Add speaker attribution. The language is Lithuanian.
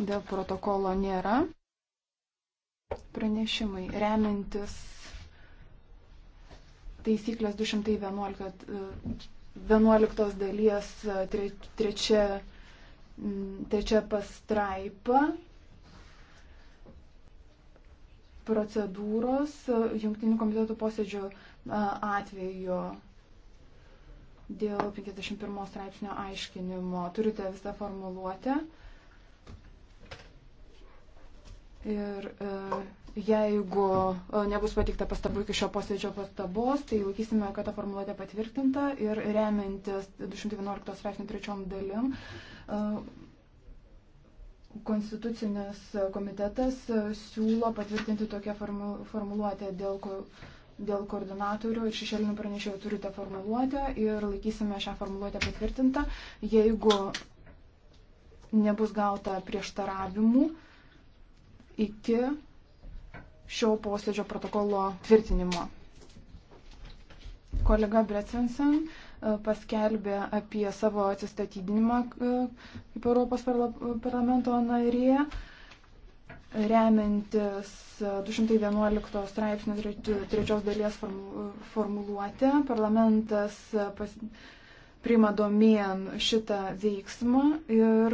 Speaker 1: Dėl protokolo nėra. Pranešimai remintis taisyklės 211 11 dalies e, tre, trečia, trečia pastraipa procedūros e, jungtinių komitetų posėdžio e, atveju dėl 51 straipsnio aiškinimo. Turite visą formuluotę. Ir e, jeigu e, nebus patikta pastabų iki šio posėdžio pastabos, tai laikysime, kad ta formuluotė patvirtinta ir remiantis 211 straipsnių trečiom dalim. E, konstitucinis komitetas siūlo patvirtinti tokią formuluotę dėl, dėl koordinatorių ir šešėlinių pranešėjų turite formuluotę ir laikysime šią formuluotę patvirtintą, jeigu nebus gauta prieštaravimų iki šio posėdžio protokolo tvirtinimo. Kolega Brecensen e, paskelbė apie savo atsistatydinimą e, kaip Europos parlamento narė, remiantis 211 straipsnio trečios dalies formuluotę. Parlamentas pas, priima domėn šitą veiksmą ir